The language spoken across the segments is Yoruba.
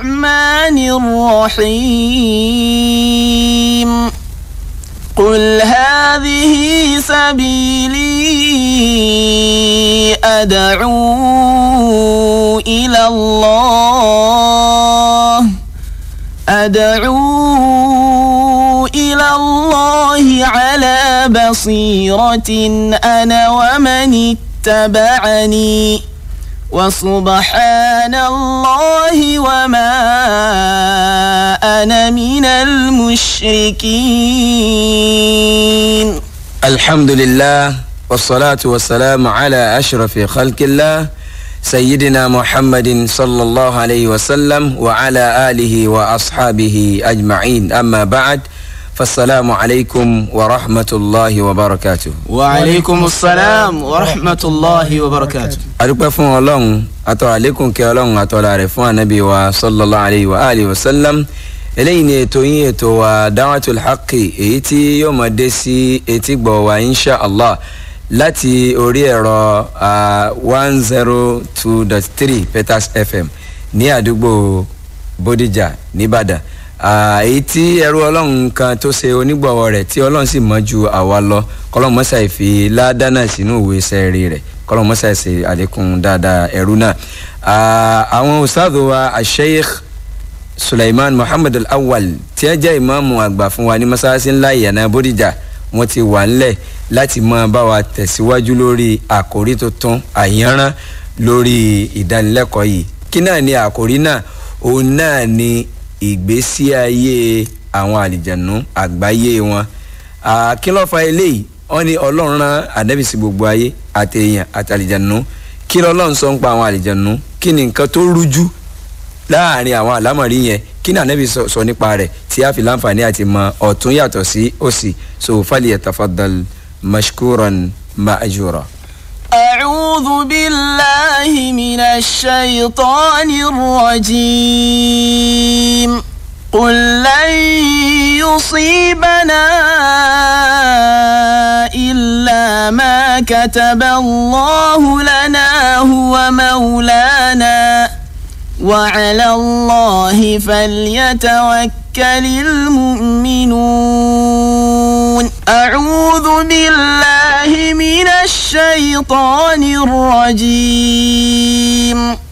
الرحمن الرحيم قل هذه سبيلي أدعو إلى الله أدعو إلى الله على بصيرة أنا ومن اتبعني وسبحان الله وما أنا من المشركين الحمد لله والصلاة والسلام على أشرف خلق الله سيدنا محمد صلى الله عليه وسلم وعلى آله وأصحابه أجمعين أما بعد فالسلام عليكم ورحمة الله وبركاته وعليكم السلام ورحمة الله وبركاته أدوك فون الله أتو عليكم كي الله أتو لعرفون نبي صلى الله عليه وآله وسلم eléyìí ni ètò yín ètò wa dáwàtul haqi èyí tí yóò máa dé sí etí gbọ̀ wa insha allah láti orí ẹ̀rọ one zero two dot three peters fm ní àdúgbò Bódìjà nìbàdàn èyí tí ẹrú ọlọ́run kan tó ṣe onígbọ̀wọ́ rẹ̀ tí ọlọ́run sì mọ̀ ju àwa lọ kọ́lọ́n mọ́sá ìfi ládánà sínú ìwé iṣẹ́ rere kọ́lọ́n mọ́sá ìṣe àlékún dáadáa ẹrú náà. àwọn ustaadu wa asheikh suleiman muhammed al-awwal tí ẹ jẹ́ ìmáàmù àgbà fún wa ní mọ́sáàsì ńlá ìyànà bódìjà wọ́n ti wà ńlẹ̀ láti máa bá wa tẹ̀síwájú lórí àkòrí tuntun àyànrán lórí ìdánilẹ́kọ̀ọ́ yìí kí náà ni àkòrí náà òun náà ni ìgbésí ayé àwọn àlìjànú àgbáyé wọn kí eléyìí wọ́n ní ọlọ́run rán ànábì gbogbo ayé àtẹ̀yàn àtàlìjànú kí lọ́lọ́run sọ ń pa àwọn àlìjànú kí ni nǹkan tó rújú láàrin àwọn àlámọ̀rí yẹn kí ni ànábì sọ nípa rẹ̀ tí a fi láǹfààní àti mọ ọ̀tún yàtọ̀ sí òsì so falyatafaddal mashkuran ma'jura. أعوذ بالله من الشيطان الرجيم يصيبنا إلا ما كتب الله لنا هو مولانا وعلى الله فليتوكل المؤمنون أعوذ بالله من الشيطان الرجيم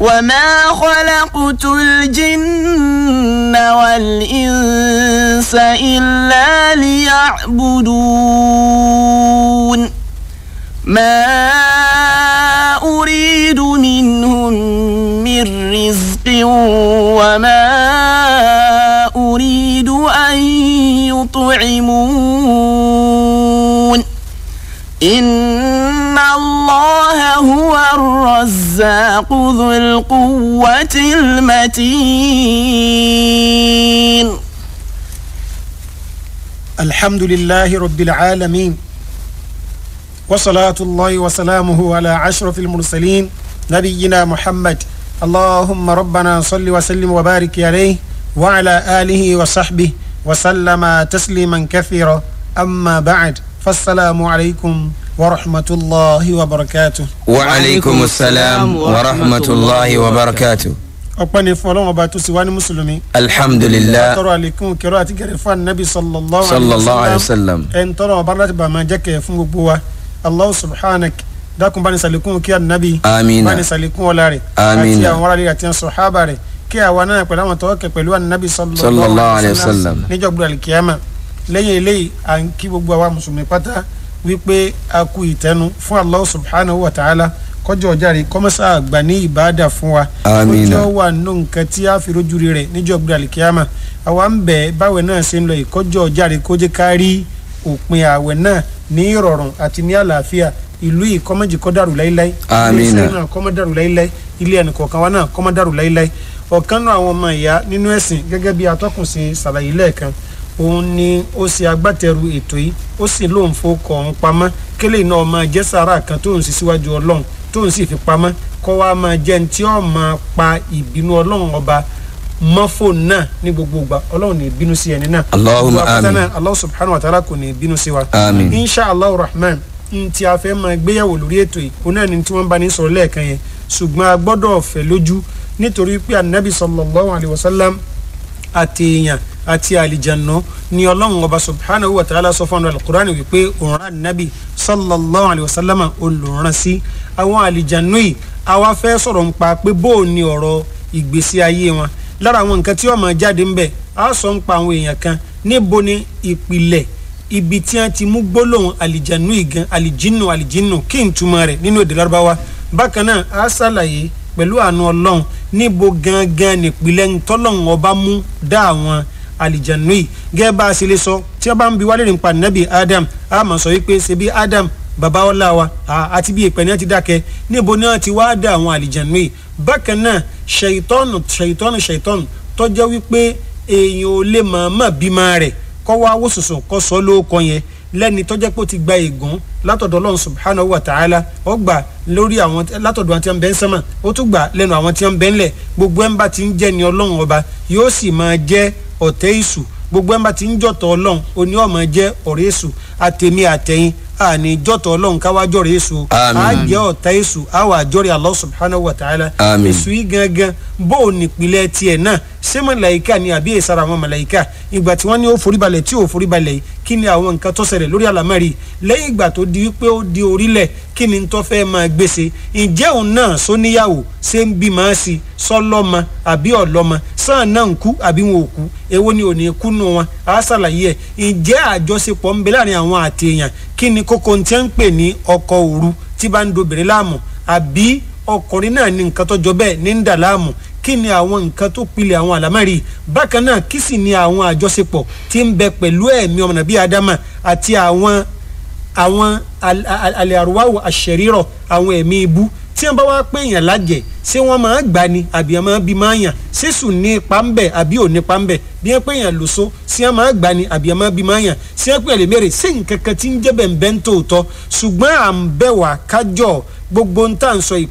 وما خلقت الجن والإنس إلا ليعبدون ما أريد منهم من رزق وما أريد أن يطعمون إن الله هو الرزاق ذو القوة المتين الحمد لله رب العالمين وصلاة الله وسلامه على أشرف المرسلين نبينا محمد اللهم ربنا صل وسلم وبارك عليه وعلى آله وصحبه وسلم تسليما كثيرا أما بعد فالسلام عليكم ورحمة الله وبركاته وعليكم السلام ورحمة الله وبركاته ọpẹ́ni fún ọlọ́run ọba tó sì wá ní mùsùlùmí. alhamdulilah tọrọ àlékún kẹrọ àti gẹrẹ fún anabi sallallahu alayhi wa sallam ẹn tọrọ ọba láti bàá máa jẹ kẹ fún gbogbo wa allahu subhanak dákun bá ní sàlékún kí anabi bá ní sàlékún ọlá rẹ̀ àti àwọn aráàlú àti àwọn sọhábà rẹ̀ kí àwa náà pẹ̀lú àwọn tọwọkẹ pẹ̀lú anabi sallallahu alayhi wa sallam níjọ́ gbọdọ alikiyama lẹ́yìn eléyìí à ń kí gbogbo àwa mùsùlùmí pátá wípé a kú ìtẹnu fún allah subhanahu wa ta'ala kọjọ ọjàre kọmọsá àgbà ní ìbáàdà fún wa kọjọ wà nù nǹkan tí a fi rojú rẹ níjọ gbúdàlì kíámà àwa ń bẹ báwẹ náà ṣe ń lọ ìkọjọ ọjàre kójé kárí òpin àwẹ̀ náà ní ìrọ̀rùn àti ní àlàáfíà ìlú yìí kọ́mọ́jì kọ́ dàrú láíláí ilé náà kọ́mọ́ dàrú láíláí ilé ẹnìkọ̀ọ̀kan wa náà kọ́mọ́ dàrú láíláí ọ̀kan náà àwọn ọmọ ìyá nínú ẹ̀sìn gẹ́gẹ́ bí atọ́kùn ṣe ṣàlàyé lẹ́ẹ̀kan òun ni ó ṣe agbátẹrù ètò yìí ó sì lóun fowókọ òun pamọ́ kélé náà máa jẹ́ sàrà kan tóun sì síwájú ọlọ́run tóun sì fi pamọ́ kọ́ wa máa jẹ́ ní tí ó máa pa ìbínú ọlọ́run ọba mọ́fò náà ní gbogbo ìgbà ọlọ́run ní bínú sí ẹni náà. Allahumma amin subhanahu wa ta'ala kò ní bínú sí wa. amin insha allah rahman n tí a fẹ́ máa gbéyàwó lórí ètò yìí òun náà ni tí wọ́n bá ní sọ̀rọ̀ lẹ́ẹ̀kan yẹn ṣùgbọ́n a gbọ́dọ̀ fẹ́ lójú nítorí pé anabi sallallahu alayhi wa sallam àti èèyàn àti àlìjànà ni ọlọ́run ọba subhanahu wa ta'ala sọ fún alukur'an wípé òǹrà nabi sallallahu alayhi wa sallam olùrán sí àwọn àlìjànà yìí àwa fẹ́ sọ̀rọ̀ nípa pé bóò ni ọ̀rọ̀ ìgbésí ayé wọn lára àwọn nǹkan tí wọ́n máa jáde ń bẹ̀ á sọ ń àwọn èèyàn kan níbo ni ìpìlẹ̀ ibi tí wọ́n ti mú gbólóhùn àlìjànú ìgan àlìjínú àlìjínú kí n túmọ̀ rẹ̀ nínú èdè lárúbáwá bákan náà á ṣàlàyé pẹ̀lú àánú ọlọ́run níbo gangan nípìlẹ̀ ńtọ́lọ́run ọba mú dá àwọn àlìjànú yìí gẹ́gẹ́ bá a ṣe lè sọ tí wọ́n bá ń bi wálé rìn pa nàbì Adam a máa sọ wípé ṣe bí Adam bàbá ọlá wa àti bí ìpẹ́ ti dákẹ́ níbo ni wọ́n ti wá dá àwọn àlìjànú yìí bákan náà ṣèyítọ́nù ṣèyítọ́nù ṣèyítọ́nù tọ́jọ́ wípé èèyàn ò lè mọ̀ọ́mọ̀ bímọ rẹ̀ kọ́ wá wó sùsùn kọ́ sọ lóko yẹn lẹ́ni tọ́jẹ́ pé ó ti gba ègún látọ̀dọ̀ ọlọ́run subhanahu wa ta'ala ó gbà lórí àwọn látọ̀dọ̀ àwọn tí wọ́n bẹ ń sánmà ó tún gbà lẹ́nu àwọn tí wọ́n bẹ ń lẹ̀ gbogbo ẹ̀ ń bá ti ń jẹ́ ni ọlọ́run ọba yóò sì máa jẹ́ ọ̀tẹ́ èṣù gbogbo ẹ̀ ti ń jọ̀tọ̀ ọlọ́run oní ọmọ jẹ́ ọ̀rẹ́ èṣù àtẹ̀mí àtẹ̀yìn àní jọ̀tọ̀ ọlọ́run káwá jọ̀rẹ́ èṣù á jẹ́ ọ̀tá èṣù á wà jọ̀rẹ́ Allah subhanahu wa ta'ala èṣù yìí gangan bó o nípìnlẹ̀ tiẹ̀ ṣé màláìka ni àbí èsàrà àwọn màláìka ìgbà tí wọ́n ní ó foríbalẹ̀ tí ò foríbalẹ̀ yìí kí ni àwọn nǹkan tó ṣẹlẹ̀ lórí àlámẹ́rì lẹ́yìn ìgbà tó di pé ó di orílẹ̀ kí ni tó fẹ́ máa gbèsè ǹjẹ́ òun náà só níyàwó ṣé ń bí màá sí sọlọ́mọ àbí ọ̀lọ́mọ sáà náà ń kú àbí wọn ò kú èwo ni ò ní kú nù wọn á ṣàlàyé ẹ̀ ǹjẹ́ àjọṣepọ̀ ń bẹ láàrin àwọn àti èèyàn kí ni kókó tí ń pè ní ọkọ òru tí bá ń dobìnrin láàmú àbí ọkùnrin náà ní nǹkan tó jọ bẹ́ẹ̀ ní ń dà láàmú kí ni àwọn nǹkan tó pilẹ̀ àwọn àlámárì bákan náà kí sì ni àwọn àjọṣepọ̀ tí ń bẹ pẹ̀lú ẹ̀mí ọmọnàbí adama àti àwọn àwọn alẹ́ àrùwáwò àṣẹrírọ̀ àwọn ẹ̀mí ibú tí wọ́n bá wá pé èèyàn lájẹ̀ ṣé wọ́n máa gbà ni àbí wọ́n máa bí máa yàn ṣé sùn ní ipa ń bẹ̀ àbí ò ní ipa ń bẹ̀ bí wọ́n pé èèyàn lòso ṣé wọ́n máa gbà ni àbí wọ́n máa bí máa yàn ṣé wọ́n pè lèmèrè ṣé nǹkan kan ti ń jẹ́ bẹ̀ǹbẹ̀ ń tòótọ́ ṣùgbọ́n à ń bẹ̀ wá kájọ gbogbo ń tà ń sọ yìí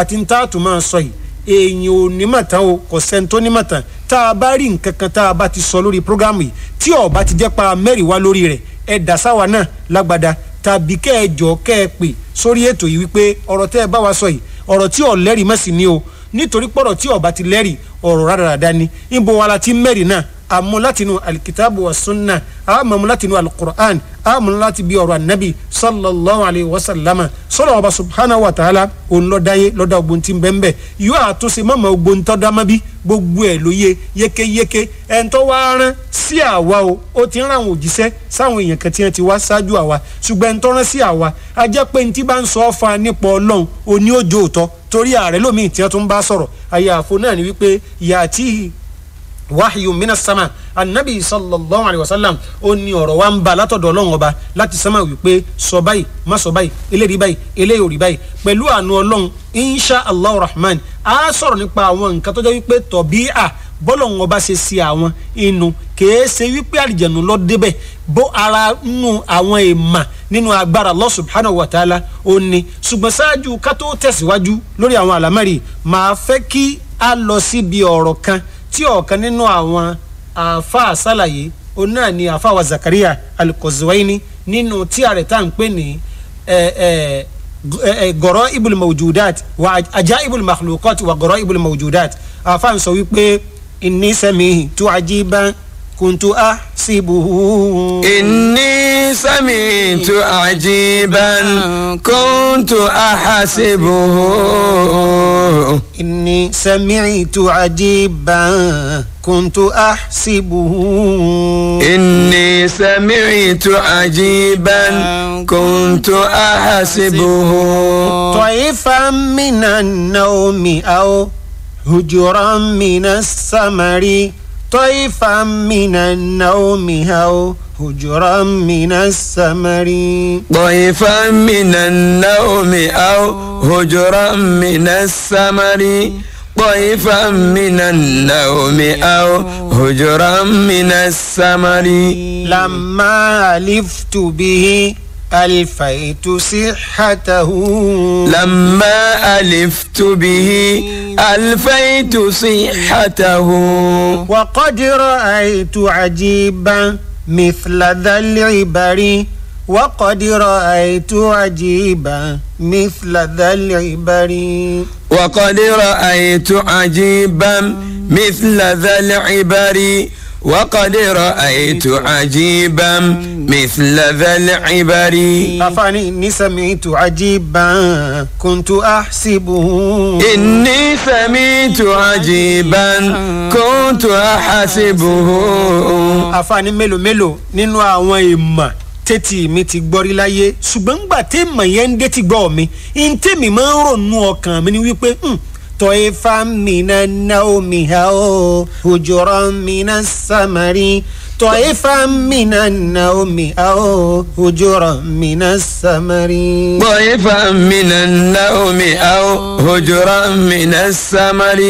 àti ń tà tó máa sọ yìí èèyàn ò ní mọ̀tán o kò sẹ́ni tó ní mọ̀tán tá a bá rí nǹkan kan tá a bá ti sọ lórí programu yìí tí ó bá ti jẹ́ pa mẹ́rin wá lórí rẹ̀ ẹ dà sáwa náà lágbada tàbí kẹ́ ẹ jọ kẹ́ ẹ pè sórí ètò yìí wípé ọ̀rọ̀ tẹ́ ẹ bá wa sọ yìí ọ̀rọ̀ tí ò lẹ́rìí mẹ́sìn ni o nítorí pọ̀rọ̀ tí ó ti lẹ́rìí ọ̀rọ̀ rádaràda ni ibo wa la ti mẹ́rin náà àmọ́ látinú alikitaabu wa sunna àmọ́ látinú alukur'an àmú láti bí ọ̀rọ̀ ànábì sallallahu alayhi wa sallam sọlọ ọba subhanahu wa ta'ala òun lọ́dáyé lọ́dá ogun tí ń bẹ́ ń bẹ́ yóò àtúnṣe mọ́mọ́ ogun tó dá mọ́bí gbogbo ẹ̀ ló yé yékéyéké ẹ̀ ń tọ́ rán sí àwa o ó ti rán àwọn òjíṣẹ́ sáwọn èèyàn kan tí wọ́n ti wá ṣáájú àwa ṣùgbọ́n ẹ̀ rán sí àwa a jẹ́ pé ní tí bá ń sọ ọ́ fa nípa ọlọ́run oní òjò òtọ́ torí ààrẹ lómi ìtìyàn tó ń bá sọ̀rọ̀ àyàfo náà ni wípé yàtí wahyu minas sama anabi sallallahu alayhi wa sallam ó ní ọ̀rọ̀ wa ń ba látọ̀dọ̀ ọlọ́run ọba láti sánmà wípé sọ báyìí má sọ báyìí eléyìí báyìí eléyìí ò rí báyìí pẹ̀lú àánú ọlọ́run insha allah rahman a sọ̀rọ̀ nípa àwọn nǹkan tó jẹ́ wípé tọ̀bíà bọ́lọ̀run ọba ṣe sí àwọn inú kèé ṣe wípé àlìjẹ̀nu lọ débẹ̀ bó ara nù àwọn èèmà nínú agbára allah subhanahu wa ta'ala ó ní ṣùgbọ́n ṣáájú ká tó tẹ̀síwájú lórí àwọn àlámẹ́rì màá fẹ́ a lọ síbi ọ̀rọ̀ kan tí ọ̀kan nínú àwọn àáfàá sàlàyé òun náà ni àáfàá wa Zakaria al-Qazwaini nínú tí ààrẹ tá à ń pè ní gọ̀rọ̀ ibùl mawjudat wa ajá ibùl makhluqat wa gọ̀rọ̀ ibùl mawjudat àáfàá ń sọ wípé ìnísẹ̀mí tó ajíban كنت أحسبه إني سمعت عجيبا كنت أحسبه إني سمعت عجيبا كنت أحسبه إني سمعت عجيبا كنت أحسبه طيفا من النوم أو هجرا من السمر طيفا من النوم أو هجرا من السمر طيفا من النوم أو هجرا من السمر طيفا من النوم أو هجرا من السمر لما ألفت به ألفيت صحته لما ألفت به ألفيت صحته وقد رأيت عجيبا مثل ذا العبر وقد رأيت عجيبا مثل ذا العبر وقد رأيت عجيبا مثل ذا العبر وقد رأيت عجيبا مثل ذا العبر أفاني إني سمعت عجيبا كنت أحسبه إني سمعت عجيبا كنت أحسبه أفاني mélòó mélòó nínú àwọn ìmọ̀ tètè mi ti gbọ́ rí láyé ṣùgbọ́n gbà tèmọ̀ yẹn ń dé ti gbọ́ mi ntèmi máa ń ronú ọkàn mi ni wípé طيفا من النوم أو هجرا من السمر طيفا من النوم أو هجرا من السمر طيفا من النوم أو هجرا من السمر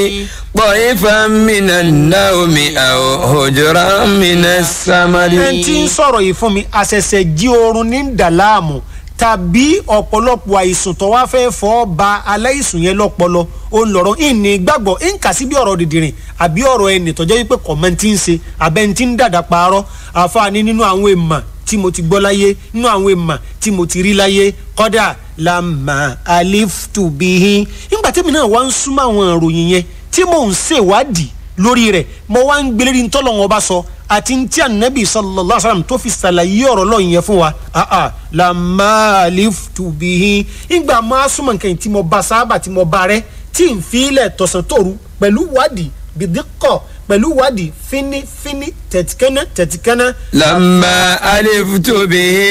طيفا من النوم أو هجرا من السمر ẹni tí ń sọ̀rọ̀ yìí fún mi àṣẹ̀ṣẹ̀ jí oorun ní dàlámù tàbí ọ̀pọ̀lọpọ̀ àìsùn tó wá fẹ́ fọ́ ba aláìsùn yẹn lọ́pọlọ ó ń lọ́rọ̀ ìní gbàgbọ́ ń kà sí bí ọ̀rọ̀ dìdìrìn àbí ọ̀rọ̀ ẹnì tọ́jọ́ wípé kọ̀mọ́ ti ń ṣe abẹ́ ti ń dàdà paarọ́ àfààní nínú àwọn èèmọ̀ tí mo ti gbọ́ láyé nínú àwọn èèmọ̀ tí mo ti rí láyé kọ́dà lamà aliftubihi nígbà tẹ́mi náà wá ń súnmọ́ àwọn ìròyìn yẹn tí mò ń ṣèwádìí lórí rẹ̀ mo wá ń gbélé ní bá sọ àti tí ànábì sallallahu alaihi wasallam tó fi ṣàlàyé ọ̀rọ̀ lọ́yìn yẹn fún wa àà lamà aliftubihi nígbà máa súnmọ́ nǹkan tí mo bá sábà tí mo bá rẹ́ tí ń fi ilẹ̀ tọ̀sán tòru pẹ̀lú wádìí bìdíkọ̀ pẹ̀lú wádìí fínífíní tẹ̀tíkẹ́nẹ́ tẹ̀tíkẹ́nẹ́. lamma alifutu bihi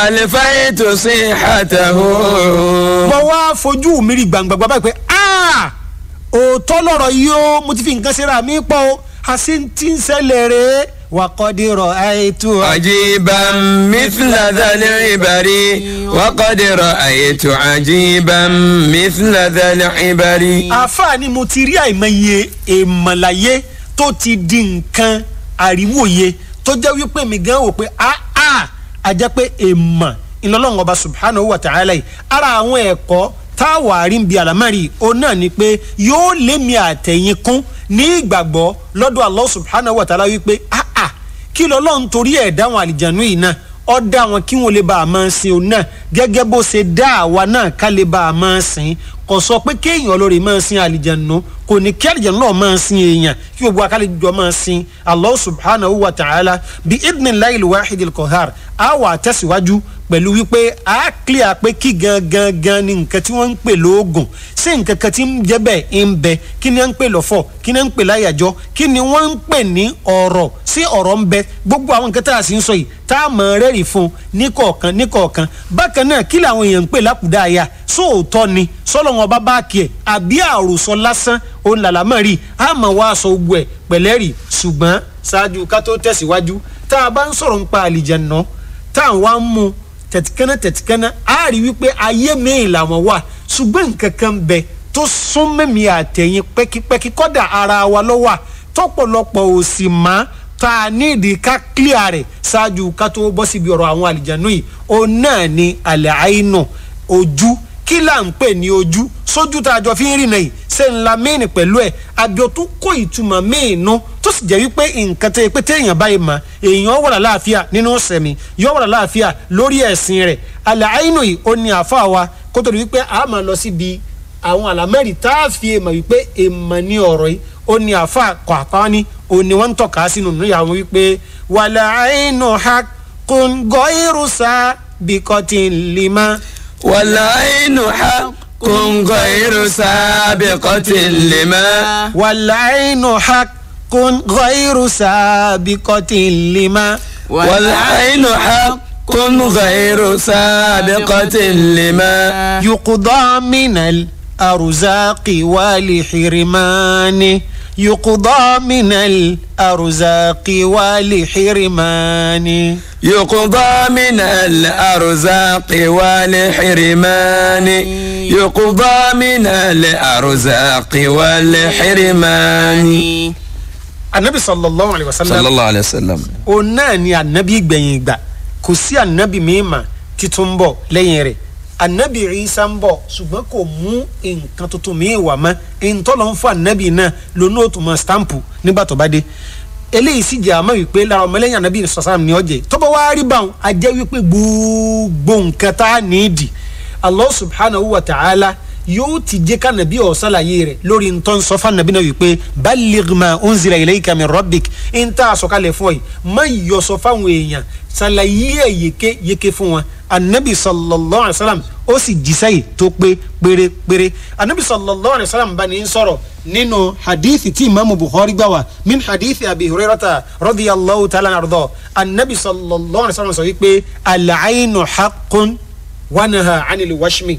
alifaitu sihatahu. mo wá fojú mi rí gbàngbàngbà báyìí pé ah! òótọ́ lọ̀rọ̀ yìí ó mo ti fi nǹkan ṣe ra mi pọ̀ o àṣìntì ń ṣẹlẹ̀ rèé وقد رأيت عجيبا مثل ذا العبر وقد رأيت عجيبا مثل ذا العبر. àfààní mo ti rí àìmọye èèmọ̀láyé tó ti di nǹkan àríwòye tó jẹ́ wípé mi gan wò pé áá àjẹ́ pé èèmọ̀ ìlọ́lọ́run ọba subhanahu wa ta'ala yìí ara àwọn ẹ̀kọ́ táwa àríǹbi àlámẹ́rì òun náà ni pé yóò lémi àtẹ̀yìn kún ní ìgbàgbọ́ lọ́dọ̀ Allah subhanahu wa ta'ala wípé áá kí lọ́lọ́run torí ẹ̀ dá wọn àlìjànú yìí náà ọ dá wọn kí wọn lè bá a máa sin òun náà gẹ́gẹ́ bó ṣe dá àwa náà ká lè bá a máa sin kò sọ pé kéèyàn olórí máa sin àlìjànú kò ní kí àlìjànú náà máa sin èèyàn kí gbogbo akálejò máa sin allah subhanahu wa ta'ala bi idnillahi al-wahid al-qahhar a wà tẹ̀síwájú pẹ̀lú wípé a clear pé kí gangan gan ni nǹkan tí wọ́n ń pè lóògùn ṣé nǹkan kan tí ń jẹ́ bẹ́ẹ̀ ń bẹ kí ni wọ́n ń pè lọ́fọ̀ kí ni wọ́n ń pè láyàjọ́ kí ni wọ́n ń pè ní ọ̀rọ̀ sí ọ̀rọ̀ ń bẹ gbogbo àwọn nǹkan tá a sì ń sọ yìí tá a mọ̀ rẹ́rìí fún níkọ̀ọ̀kan níkọ̀ọ̀kan bákan náà kí làwọn èèyàn ń pè lákùdáyà sóòótọ́ ni sọ́lọ́wọ́n tọ́lọ́wọ́n ọba báàkì ẹ̀ àbí àròsọ lásán òun làlámọ̀ rí àmọ́ wàá sọ ogun ẹ̀ pẹ̀lẹ́ rí ṣùgbọ́n ṣáájú ká tó tẹ̀síwájú tá a bá ń sọ̀rọ̀ nípa àlìjẹ̀nà tá à ń wá ń mu tẹ̀tìkánná tẹ̀tìkánná á rí wípé ayé mìíràn làwọn wà ṣùgbọ́n nǹkan kan bẹ tó sún mẹ́mí àtẹ̀yìn pẹ́kípẹ́kí kọ́dà ara wa ló wà tọ́pọ̀lọpọ̀ ò sì máa tá a ká clear rẹ̀ ṣáájú ká tó bọ́ síbi ọ̀rọ̀ àwọn àlìjánu yìí òun náà ni àlẹ́ àìnà ojú kí là ń pè ní ojú sójú tá a jọ fi ń rìnà yìí ṣe ń la míìnì pẹ̀lú ẹ̀ àjọ tó kó ìtumọ̀ míìnú tó sì jẹ́ wípé nǹkan tẹ́ pé téèyàn báyìí mà èèyàn wà láàfíà nínú sẹ̀mí yọ wà láàfíà lórí ẹ̀sìn rẹ̀ àlẹ́ àìnù yìí ó ní àfa wa kó tó di wípé a máa lọ síbi àwọn àlámẹ́rì tá a fi èèmọ̀ wípé èèmọ̀ ní ọ̀rọ̀ yìí ó ní àfa kọ̀ àpá ni òun ni wọ́n ń tọ̀ka sínú níyà wọn wípé wàlẹ́ والعين حق غير سابقة لما والعين حق غير سابقة لما والعين حق كن غير سابقة لما يقضى من ال الأرزاق ولحرمانه يقضى من الأرزاق ولحرمانه يقضى من الأرزاق ولحرمانه يقضى من الأرزاق ولحرمانه النبي صلى الله عليه وسلم صلى الله عليه وسلم قلنا يا النبي بينك كسي النبي ميما تتنبو لينري Anabiri isa ń bọ̀ ṣùgbọ́n kò mú nǹkan tuntun míì wà mọ́ ntọ́lọ́ ń fún anabi náà lónà òtún mọ́ stamp nígbà tó bá dé eléyìí sì jẹ́ àmọ́ wípé lára ọmọlẹ́yìn anabi sọ̀sán ni ọ̀jẹ̀ tọ́bọ̀ wá rí báwọn a jẹ́ wípé gbogbo nǹkan tá a nídì Allah subhanahu wa ta'ala yóò ti jẹ́ ká nàbí ọ̀sálàyé rẹ̀ lórí ntọ́ ń sọ fún nàbí náà wípé balligh ma unzila ilayka min rabbik ń tà sọ̀kalẹ̀ fún ọ anabi sallallahu alayhi wa sallam ó sì jíṣẹ́ yìí tó pé pérépéré anabi sallallahu alayhi wa sallam bá ní í sọ̀rọ̀ nínú hadithi tí imaamu bukhari gbà wá min hadithi abi hurairata radiyallahu ta'ala anhu anabi sallallahu alayhi wa sallam sọ wípé alaayinu haqqun wanaha anil washmi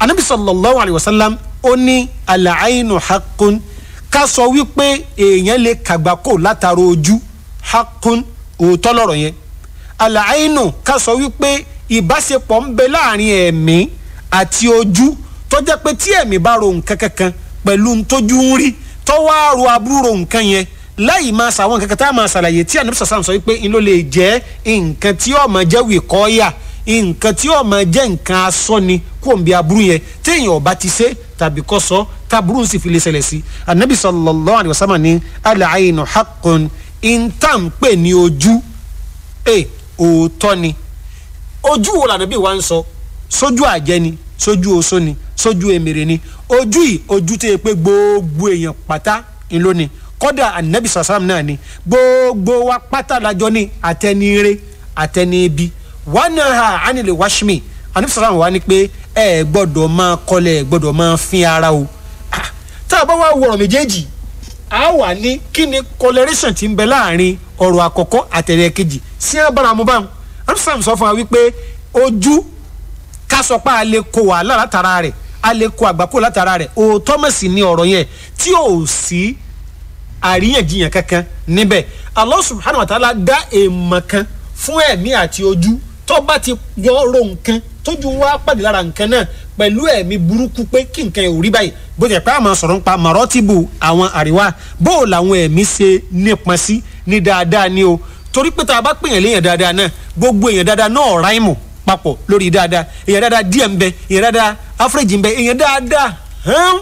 anabi sallallahu alayhi wa sallam ó ní alaayinu haqqun ká sọ wípé èèyàn lè kàgbákò látara ojú haqqun òótọ́ lọ́rọ̀ yẹn alaayinu ká sọ wípé ìbáṣepọ̀ ń bẹ láàrin ẹ̀mí àti ojú tó jẹ́ pé tí ẹ̀mí bá ro nǹkan kankan pẹ̀lú ntójú ń rí tó wá ro aburú ro nǹkan yẹn láì máa sàwọn nǹkan kan tá a máa ṣàlàyé tí ànábì sàṣàm sọ wípé n ló lè jẹ́ nǹkan tí ó máa jẹ́ wìkọ́yà nǹkan tí ó jẹ́ nǹkan asọ́ni kó n bí aburú yẹn téèyàn ọba ti ṣe tàbí kọ́ sọ taburú sì fi lè ṣẹlẹ̀ sí ànábì sallallahu alaihi ní al-aynu haqqun ìntàn pè ní ojú ẹ̀ eh, òótọ́ ni ojú wo lànà bí wàá ń sọ sójú àjẹ ni sójú oṣó ni sójú emèrè ni ojú yìí ojú tó yẹ pé gbogbo èèyàn pátá ńlọ ni kódà ànábì sàsàm náà ni gbogbo wa pátá lajọ ni àtẹnire àtẹnibi wọnà ha ánilè wáṣímì ànábì sàsàm wa ni pé ẹ gbọ́dọ̀ máa kọlẹ ẹ gbọ́dọ̀ máa fín ara o tá a bá wá wọ̀rọ̀ méjèèjì a wà ní kí ni coloration ti ń bẹ láàrin ọ̀rọ̀ àkọ́kọ́ àtẹ̀lẹ́kejì sí abáramu báwọn amsterdam sọ fún wa wípé ojú ká sọ pé a lè kó wàhálà látara rẹ̀ a lè kó àgbákò látara rẹ̀ òótọ́ mọ̀ ní ọ̀rọ̀ yẹn tí ò sí àríyànjiyàn kankan níbẹ̀ Allah subhanahu wa ta'ala dá èèmọ̀ kan fún ẹ̀mí àti ojú tó bá ti yọ ro nǹkan tójú wa pàdé lára nǹkan náà pẹ̀lú ẹ̀mí burúkú pé kí nǹkan ẹ̀ ò rí báyìí bó jẹ́ pé àmọ́ sọ̀rọ̀ ń pa mọ̀rọ́tìbù àwọn àríwá bó làwọn ẹ̀mí ṣe nípọn sí ní dáadáa ni o torí pé tá a bá pè yàn léèyàn dáadáa náà gbogbo èèyàn dáadáa náà ráìmù papọ̀ lórí dáadáa èèyàn dáadáa díẹ̀ ń bẹ èèyàn dáadáa áfíríjì ń bẹ èèyàn dáadáa hàn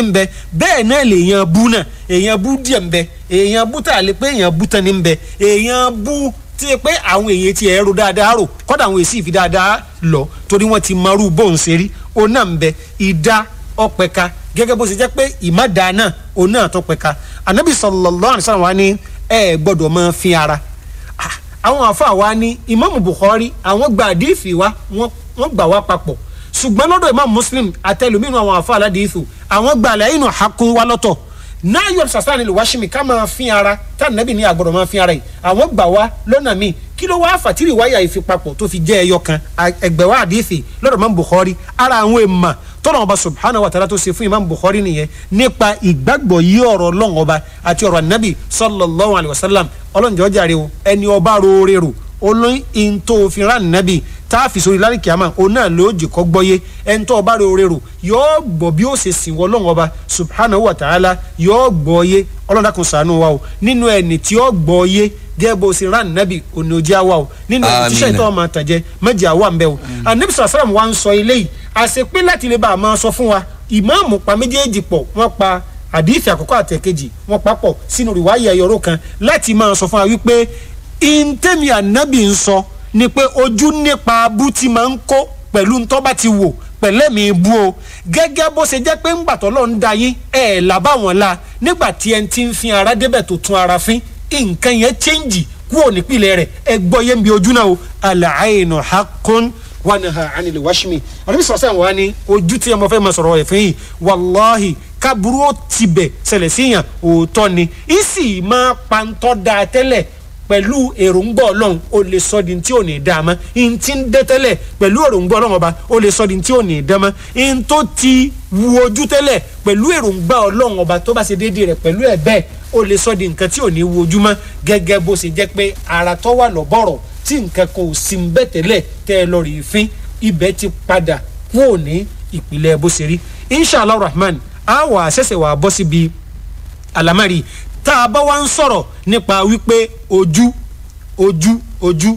ń bẹ bẹ́ẹ̀ náà lèèyàn bú náà èèyàn bú díẹ̀ ń bẹ èèyàn bú tà lè pé èèyàn bú tán ní ń bẹ èèyàn bú tí ẹ pé àwọn èèyàn ti ẹ̀rọ dáadáa rò kọ́dà àwọn èsì ìfi dáadáa lọ torí wọ́n ti marú bóun ṣe rí òun náà ń bẹ ìdá ọ̀pẹ̀ka gẹ́gẹ́ bó ṣe jẹ́ pé ìmọ̀dá náà òun náà tó pẹ̀ka ànábì sallallahu alaihi wasallam wa ni, ẹ gbọ́dọ̀ máa fi ara àwọn àfáà wa ní Imam Bukhari àwọn gba àdìsí wa wọ́n gbà wá papọ̀ ṣùgbọ́n lọ́dọ̀ Imam Muslim àtẹlùmínú àwọn àfáà aládìsí àwọn gba àlàyé inú àkún wa lọ́tọ̀ náà yọ sàṣà nílùú wáṣímì ká máa fi ara tá nàbì ní àgbọ̀dọ̀ máa fi ara yìí àwọn gbà wá lọ́nà míì kí ló wáá fàtírì wáyà ìfipapọ̀ tó fi jẹ́ ẹyọ kan ẹgbẹ̀wá àdìsí lọ́dọ̀ Imam Bukhari ara àwọn èèmà tọ́nà ọba subhanahu wa ta'ala tó ṣe fún imam bukhari nìyẹn nípa ìgbàgbọ́ yí ọ̀rọ̀ ọlọ́run ọba àti ọ̀rọ̀ anabi sallallahu alayhi wa sallam ọlọ́njọ́ jàre o ẹni ọba roore ro olóyin tó fi rán nàbì tá a fi sórí lálẹ́ kíámà òun náà ló jì kọ́ gbọ́yé ẹni tó ọba roore ro yóò gbọ́ bí ó ṣe sìn wọ́n ọlọ́run ọba subhanahu wa ta'ala yóò gbọ́yé ọlọ́dà sànú wa o nínú ẹni tí ó gbọ́yé gẹ́gẹ́ bó ṣe rán nàbì òní ojú àwa o nínú ìtísẹ́ tó ọmọ àtàjẹ mẹ́jẹ̀ àwa ń o mm. ànábì sàrásàràm wa ń sọ eléyìí àṣepé láti lè bá a máa sọ fún wa ìmáàmù pa méjèèjì pọ̀ wọ́n pa àdìfẹ́ àkọ́kọ́ àtẹ̀kejì wọ́n papọ̀ sínú rìwáyé ayọ̀rọ̀ kan láti máa sọ fún wa wípé ìǹtẹ́mi ànábì ń sọ ni pé ojú nípa abú ti máa ń kó pẹ̀lú ntọ́ bá ti wò pẹ̀lẹ́ mi bú o gẹ́gẹ́ bó ṣe jẹ́ pé ńgbà tọ́lọ́ ń da yín ẹ̀ làbá la nígbà tí ẹ ti ń fin ara débẹ̀ tó tún ara fín nǹkan yẹn chẹ́ǹgì kúrò nípìnlẹ̀ rẹ̀ ẹ gbọ́ yẹn bí ojú náà o àlàáyé nù hákún wà ní ha ani lè wáṣí mi àdébí sọ̀rọ̀ wani wá ní ojú tí ẹmọ fẹ́ máa sọ̀rọ̀ ẹ̀ fẹ́yìn wàláhì kábúrú ó ti bẹ̀ o síyàn òótọ́ ni ìsì máa pantọ́ da tẹ́lẹ̀ pẹ̀lú èròǹgbọ́ ọlọ́run ó lè sọ di tí ò ní dá a mọ́ in ti ń dẹ́ tẹ́lẹ̀ pẹ̀lú èròǹgbọ́ ọlọ́run ọba ó lè sọ di tí ò ní dá mọ́ in ti wu ojú tẹ́lẹ̀ pẹ̀lú èròǹgbọ́ ọlọ́run tó bá ṣe déédéé rẹ̀ pẹ̀lú ẹ̀ bẹ́ẹ̀ ó lè sọ di nǹkan tí ò ní wu bó ṣe jẹ́ pé ara tó wà tí nǹkan kò sí ń bẹ̀ tẹ́lẹ̀ tẹ́ ẹ lọ rí i fín ibẹ̀ ti padà kúrò ní ìpìlẹ̀ bó ṣe rí inshallah rahman a wà ṣẹ̀ṣẹ̀ wà bọ́ síbi àlámàrí tá a bá wá ń sọ̀rọ̀ nípa wípé ojú ojú ojú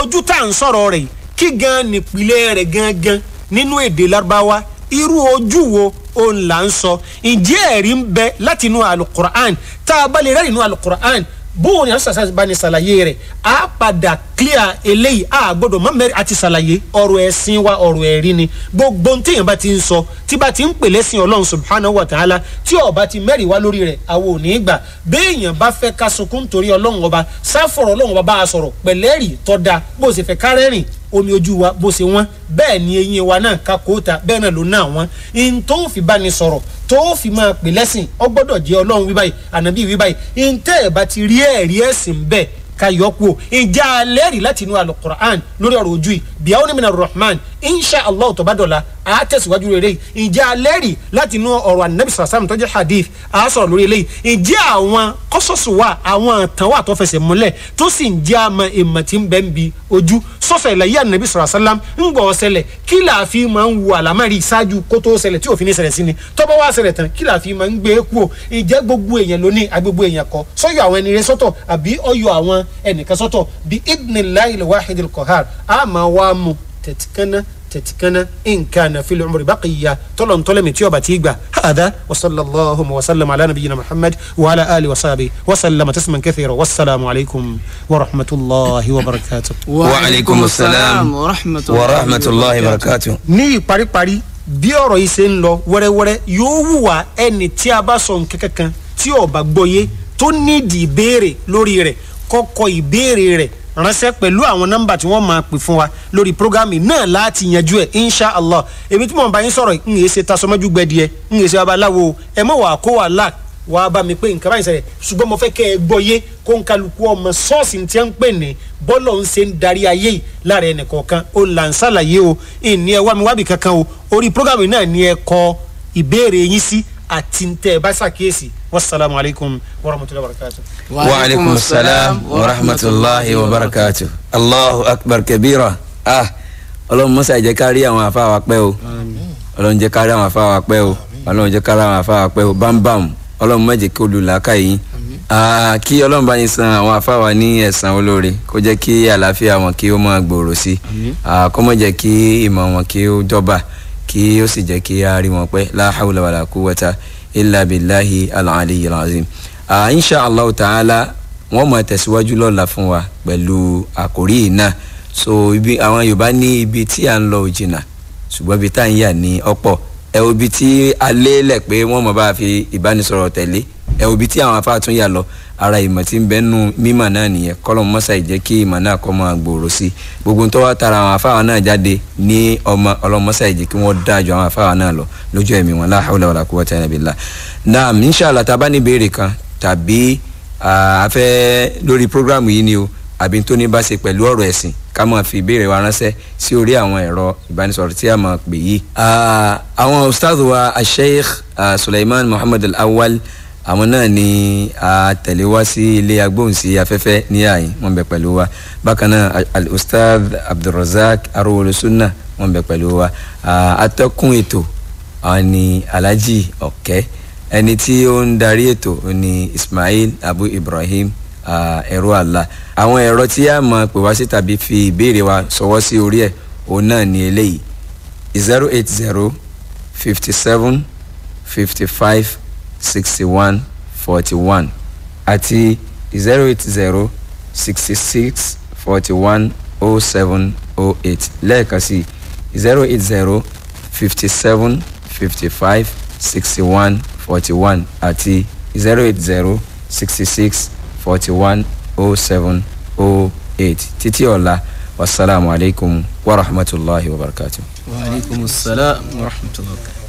ojú tá à ń sọ̀rọ̀ rẹ̀ kí gan nípìlẹ̀ rẹ̀ gangan nínú èdè lárúbáwá irú ojú wo òun là ń sọ ǹjẹ́ ẹ̀rí ń bẹ látinú alukur'an tá a bá lè rẹ́rìn alukur'an bóun ni asasa bá ní ṣàlàyé rẹ̀ a padà clear eléyìí a gbọ́dọ̀ má mẹ́rin àti ṣàlàyé ọ̀rọ̀ ẹ̀sìn wa ọ̀rọ̀ ẹ̀rí ni gbogbo ohun téèyàn bá ti ń sọ tí bá ti ń pè lẹ́sìn Ọlọ́run subhanahu wa ta'ala tí ọba ti mẹ́rin wá lórí rẹ̀ àwọn ò ní gbà béèyàn bá fẹ́ ká sunkún torí Ọlọ́run ọba sáfọ̀rọ̀ Ọlọ́run ọba bá a sọ̀rọ̀ pẹ̀lẹ́rì tọ́da bó o sì fẹ́ kárẹ́rìn omi ojú wa bó ṣe wọ́n bẹ́ẹ̀ ni eyín wa náà ká kóòtà bẹ́ẹ̀ náà ló náà wọ́n in tó fi bá ni sọ̀rọ̀ tó fi máa pè lẹ́sìn ọ jẹ́ ọlọ́run wí báyìí ànábì wí báyìí in tẹ́ ẹ̀ bá ti rí ẹ̀rí ẹ̀sìn bẹ́ẹ̀ ká yọ kú ìjà alẹ́rìí láti inú Al-Qur'an lórí ọ̀rọ̀ ojú yìí bíyàwó ni mina Rahman insha allah tó bá dọ̀la a tẹ̀síwájú rere ìjà alẹ́rì láti inú ọ̀rọ̀ anabi sàlám tó jẹ́ hadith a sọ̀rọ̀ lórí eléyìí ìjẹ́ àwọn kọ́sọ̀sù wa àwọn àtàn wa tó fẹsẹ̀ múlẹ̀ tó sì ń jẹ́ àmọ́ èèmọ̀ tí ń bẹ́ ń bi ojú sọ́fẹ̀ ìlàyé anabi sàlám ń gbọ́ ọ̀sẹ̀lẹ̀ kí làáfi máa ń wo àlámárì ṣáájú kó tó ṣẹlẹ̀ tí òfin ní ṣẹlẹ̀ sí ni tó bá wá ṣẹlẹ̀ tán kí làáfi máa ń gbé e kúrò ìjẹ́ gbogbo èèyàn lóní agbègbè èèyàn kọ́ sọ́yọ̀ àwọn ẹni rẹ sọ́tọ̀ àbí ọ̀yọ̀ àwọn ẹnìkan sọ́tọ̀ bí idnillahi alwahidil qahar a máa wá mu تتكنا تتكنا إن كان في العمر بقية طلن طلم تيوبة تيجا هذا وصلى الله وسلم على نبينا محمد وعلى آله وصحبه وسلم تسما كثيرا والسلام عليكم ورحمة الله وبركاته وعليكم السلام ورحمة الله ورحمة الله وبركاته ني باري باري bí ọ̀rọ̀ yìí ṣe ń lọ wẹ́rẹ́wẹ́rẹ́ yóò wùwà ẹni tí a bá sọ nǹkan kankan tí ó bá gbọ́yé tó nídìí ìbéèrè lórí rẹ̀ kọ́kọ́ ìbéèrè rẹ̀ ránṣẹ́ pẹ̀lú àwọn nọ́mbà tí wọ́n máa pè fún wa lórí programme náà láti yanjú ẹ̀ insha allah èmi tí mò ń bá yín sọ̀rọ̀ ń yéé ṣe tasọmọ́jú gbẹdìẹ ń yéé ṣe babaláwo ẹ mọ̀ wàá kó wàhálà wàá bá mi pé nǹkan báyìí ṣẹlẹ̀ ṣùgbọ́n mo fẹ́ kẹ́ ẹ gbọ́ yé kó ń kálukú ọmọ ṣọ́ọ̀ṣì tí ń pè ní bọ́lọ̀ ń ṣe ń darí ayé yìí lára ẹnì ó là ń ṣàlàyé o ìní ẹ wá mi wábì kankan o orí programme náà ni ẹ kọ ìbéèrè yín sí àti ń tẹ́ ẹ bá ṣàkíyèsí wasalaamu alaykum wa rahmatulahi wa barakatu. wa aleykum salaam wa rahmatulahi wa barakatu. allahu akbar kabira ah ọlọ́run mọ́sá ìjẹ́ kárí àwọn àfa wa pẹ́ o ọlọ́run jẹ́ kárí àwọn àfa wa pẹ́ o ọlọ́run jẹ́ kárí àwọn àfa wa pẹ́ o bámbám ọlọ́run má jẹ́ kí olùlàkà yìí ah, kí ọlọ́run bá ní san àwọn àfa wa ní ẹ̀san olóore kó jẹ́ kí àlàáfíà wọn kí ó máa gbòòrò sí ah, kó má jẹ́ kí ìmọ̀ wọn kí ó dọ́bà kí ó sì jẹ́ kí a rí wọn pẹ́ la hawla illa billahi al-ali al-azim uh, insha allah ta'ala wọ́n máa tẹ̀síwájú lọ́la fún wa pẹ̀lú àkórí náà so ibi àwọn yorùbá ní ibi tí à ń lọ òjìnà ṣùgbọ́n ibi tá à ń yà ní ọ̀pọ̀ ẹ̀ obi tí a lélẹ̀ pé wọ́n máa bá fi ìbánisọ̀rọ̀ tẹ̀lé ẹ òbí tí àwọn afá tún yà lọ ara ìmọ̀ tí ń bẹ nù mímọ̀ náà nìyẹn kọ́lọ̀ mọ́sà ìjẹ́ kí ìmọ̀ náà kọ́ máa gbòòrò sí i gbogbo tó wá tara àwọn afáwa náà jáde ní ọmọ ọlọ́mọsà ìjẹ́ kí wọ́n dájú àwọn afáwa náà lọ lójú ẹ̀mí wọn la hawla wala quwwata illa billah náà inshallah tá a bá ní ìbéèrè kan tàbí afẹ́ lórí prógrámù yìí ni o àbí tó ní bá ṣe pẹ̀lú ọ̀rọ̀ ẹ̀sìn ká máa fi ìbéèrè wa ránṣẹ́ sí orí àwọn ẹ̀rọ ìbánisọ̀rọ̀ tí a máa pè yìí. àwọn ustaz wa asheikh suleiman muhammad al-awwal àwọn náà ni a tẹ̀lé wá sí ilé agbóhùnsí afẹ́fẹ́ ní àyín wọ́n bẹ pẹ̀lú wa bákan náà al abdulrasaq arúgbó sunna bẹ pẹ̀lú wa atọ́kùn ètò àwọn ni alhaji ọ̀kẹ́ ẹni tí ó ń darí ètò ni ismail abu ibrahim ẹ̀rọ àlà àwọn ẹ̀rọ tí a mọ̀ pè wá sí tàbí fi ìbéèrè wa sọwọ́ sí orí ẹ̀ òun náà ni eléyìí zero eight zero fifty seven fifty five. sixty one forty one àti zero eight zero sixty six forty one oh seven oh eight lẹ́ẹ̀kan sí zero eight zero fifty seven fifty five sixty one forty one àti zero eight zero sixty six forty one oh seven oh eight títí ọ̀la wasalaamualeykum wa rahmatulahi wa barakatu. wa aleykum salaam wa rahmatulahi.